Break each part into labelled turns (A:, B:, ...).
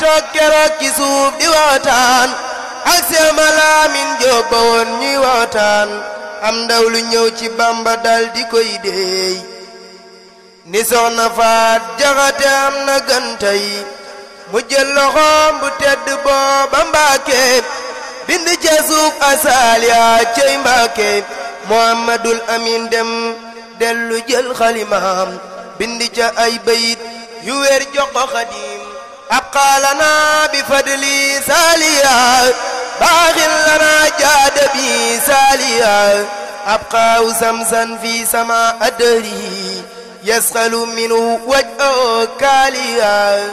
A: toog keroog ci suuf di waxtaan ak seema laamin jóob ñuy waxtaan am ndaw lu ñëw ci bamba daldi di koy déey ni faat jaxate am na gantay mu jël loxoom bu booba mbaake bind ca suuf asaal yaa cey mbaake muhammadul amin dem dellu jël xalimaam bind ca ay bayit yu wér jox ko أبقى لنا بفضلي ساليا باغ لنا جاد بي ساليا أبقى زمزا في سماء أدري يسخل منه وجهه كاليا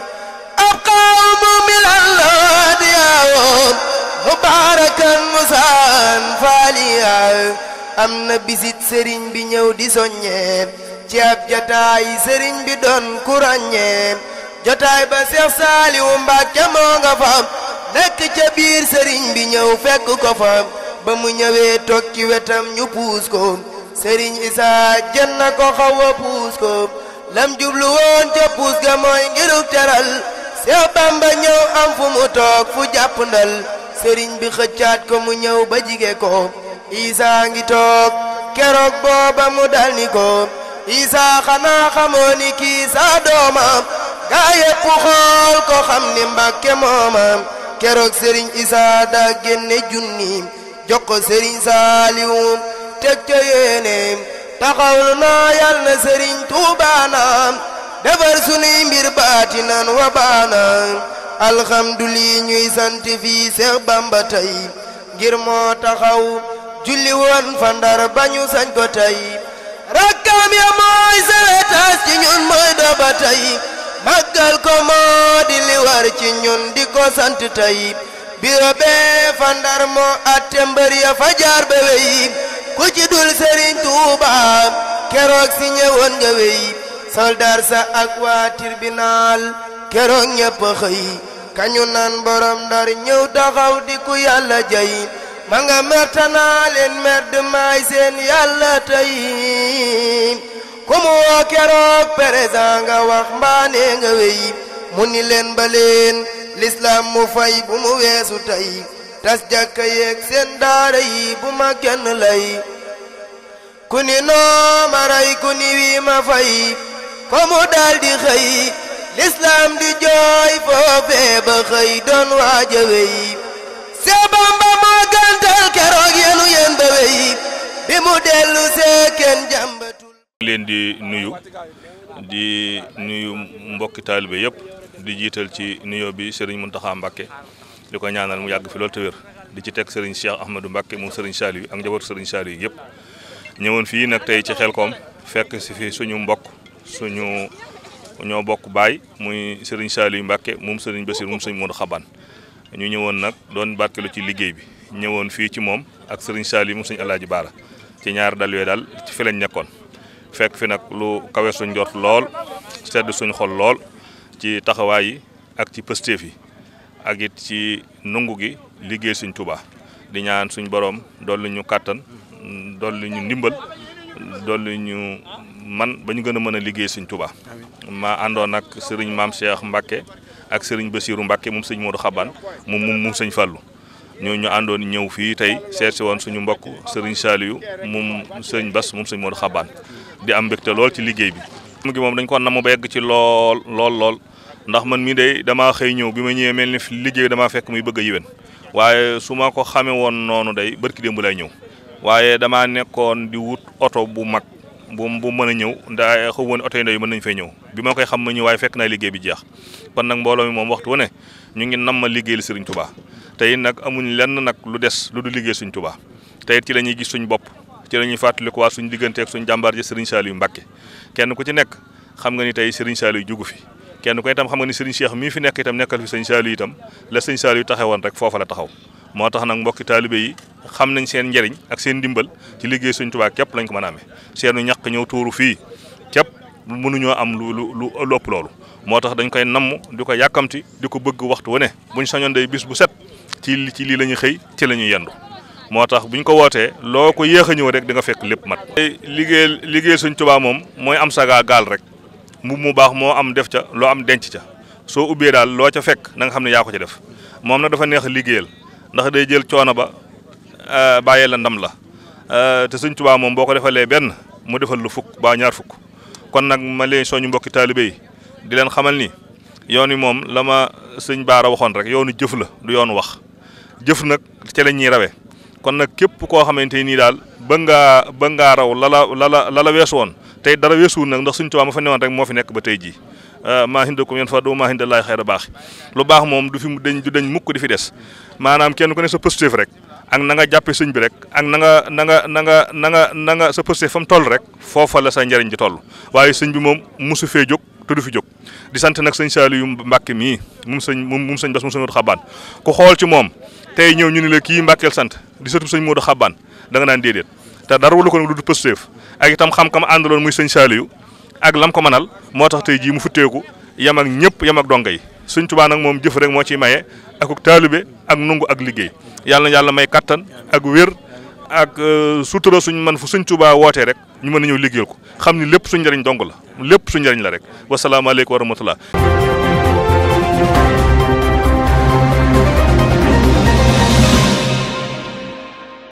A: أبقى مؤمنا لاديا مباركا مسان فاليا am na bisit sëriñ bi ñëw di soññee ci ab jataay sëriñ bi doon ku ràññee jotaay ba Seex Saaliwu Mbàkke moo nga fa nekk ca biir sëriñ bi ñëw fekk ko fa ba mu ñëwee toog ci wetam ñu puus ko sëriñ Isa jën na ko xawa puus ko lam jublu woon puus ga mooy ngiru teral Seex Bamba ñëw am fu mu toog fu jàpp ndal sëriñ bi xëccaat ko mu ñëw ba jige ko Isa ngi toog keroog booba mu dal ni ko Isa xanaa xamoo ni kii saa gaa yépp xool ko xam ni mbàkke moomam keroog sëriñ isaa daa génne junniim jox ko saaliwum teg ca yéeneem naa yal na sëriñ tuubaanaam defar sunuy mbir baatinan wa baanaam alxamdulii ñuy sant fii bamba tey ngir moo taxaw julli fa ndar bañu sañ ko tey rakkam ya mooy sawetaas ci ñun mooy daba tey màggal ko moo di li ci ñun di ko sant tey biro bee fa moo atte mbër ya fa jaar ba ku ci dul sëriñ tuuba keroog si ñëwoon nga wey soldar sa ak waa tribunal keroog ñëpp xëy kañu naan borom ndar ñëw taxaw di ku yàlla jay ma nga mertanaa mer de maay seen yàlla ku mu woo keroog président nga wax mbaane nga wey mu ni leen ba lislaam mu fay bu mu weesu tas jàkka yeeg seen daara bu ma kenn lay ku ni noo ku ni wii ma fay fa mu daldi xëy lislaam di jooy foofee ba xëy doon waaja wey see bamba moo gàntal keroog yenu yeen ba wey bi mu dellu see kenn
B: leen di nuyu di nuyu mbokki taalibe yëpp di jiital ci nuyo bi sëriñ Muntaxa Mbàkke di ko ñaanal mu yàgg fi lool te wér di ci teg sëriñ Cheikh Ahmadou Mbàkke moom sëriñ Saliou ak njabootu sëriñ Saliou yëpp ñëwoon fii nag tey ci Xelkom fekk si suñu mbokk suñu ñoo bokk baay muy sëriñ Saliou Mbàkke moom sëriñ Bassir moom sëriñ Modou Xaban ñu ñëwoon nag doon barkelu ci liggéey bi ñëwoon fii ci moom ak sëriñ Saliou moom sëriñ Alaaji Baara ci ñaar dal daal ci fi lañ nekkoon fekk fi nag lu kawe suñ jot lool sedd suñ xol lool ci taxawaay yi ak ci pësteef yi ak it ci nungu gi liggéey suñ Tuubaa di ñaan suñ borom dolli ñu kàttan dolli ñu ndimbal dolli ñu man ba ñu gën a mën a liggéey suñ Tuubaa ma àndoon ak sëriñ maam Cheikh Mbacke ak sëriñ Bassirou Mbacke moom sëñ Modou Xaban moom moom sëñ Fallou ñoo ñu àndoon ñëw fii tey seet si woon suñu mbokk sëriñ Saliou moom sëñ Bass moom sëñ Modou Xaban di am mbégte lool ci liggéey bi. mu gi moom dañ ko namm ba yegg ci lool lool lool ndax man mii de damaa xëy ñëw bi ma ñëwee mel ni liggéey damaa fekk muy bëgg a yiwen waaye su ma ko xamee woon noonu day barki démb lay ñëw waaye damaa nekkoon di wut oto bu mag bu bu mën a ñëw ndax xaw woon oto yi ndaw yi mën nañu fay ñëw bi ma koy xam ma ñëw waaye fekk naa liggéey bi jeex kon nag mbooloo mi moom waxtu wu ne ñu ngi nam ma liggéeyal Serigne tubaa tey nag amuñ lenn nag lu des lu du liggéey Serigne Touba tey la ñuy gis suñ bopp ci la ñuy fàttalikuwaat suñ diggante ak suñ jàmbaar ji Serigne Saliou Mbacké kenn ku ci nekk xam nga ni tey Serigne Saliou jugu fi kenn ku itam xam nga ni Serigne Cheikh mii fi nekk itam nekkal fi Serigne Saliou itam la Serigne Saliou taxawoon rek foofa la taxaw moo tax nag mbokki taalibe yi xam nañ seen njariñ ak seen ndimbal ci liggéey Serigne Touba képp lañ ko mën a seenu ñàq ñëw tuuru fii képp mënuñoo am lu lu lu ëpp loolu moo tax dañ koy namm di ko yàkkamti di ko bëgg waxtu wu ne buñ sañoon day bis bu set ci ci lii la ñuy xëy ci la ñuy yendu moo tax bu ñu ko wootee loo ko yéex a ñëw rek di nga fekk lépp mat. liggéey liggéey suñ Tuubaa moom mooy am sagaa gaal rek mu mu baax moo am def ca loo am denc ca soo ubbee daal loo ca fekk na xam ne yaa ko ca def moom nag dafa neex liggéeyal ndax day jël coono ba euh, bàyyee la ndam la euh, te suñ Tuubaa moom boo ko defalee benn mu defal lu fukk ba ñaar fukk kon nag ma leen soñu mbokki taalibe yi di leen xamal ni yoon wi moom la ma sëñ Baara waxoon rek yoonu jëf la du yoonu wax jëf nag ca la ñuy rawee kon nag képp koo xamante nii daal bëgg ngaa bëgg ngaa raw lala lala lala weesu woon tey dara weesuwul nag ndax suñ Tuubaa ma fa newoon rek moo fi nekk ba tey jii euh, maa hindakum yan fa doo maa hinda laay xayra baax lu baax moom du fi dañ dañ mukk di fi des maanaam kenn ko ne sa positif rek ak nanga nga jàppe sëñ bi rek ak nanga nanga nanga nga na nga na nga na sa positif fa mu toll rek foofa la sa njëriñ di toll waaye sëñ bi moom mosu fee jóg te du fi jóg di sant nag sëñ Saliou Mbacke mii mum sëñ moom sëñ Bass moom sëñ Xabaan ku xool ci moom tey ñëw ñu ni la kii Mbàkkeel sant di sëtu sëñ Modou Xabaan da nga naan déedéet te dara wala ko nag lu du pësteef ak itam xam-xam àndaloon muy sëñ Saaliyu ak lam ko mënal moo tax tey jii mu futteeku yam ak ñëpp yam ak donga yi sëñ tubaa nag moom jëf rek moo ciy maye akuk taalibe ak nungu ak liggéey yàlla na yàlla may kàttan ak wér ak euh, sutura suñ man fu sëñ tubaa wootee rek ñu mën a ñëw liggéeyal ko xam ni lépp suñ njëriñ dong la lépp su njëriñ la rek wasalaamaaleykum wa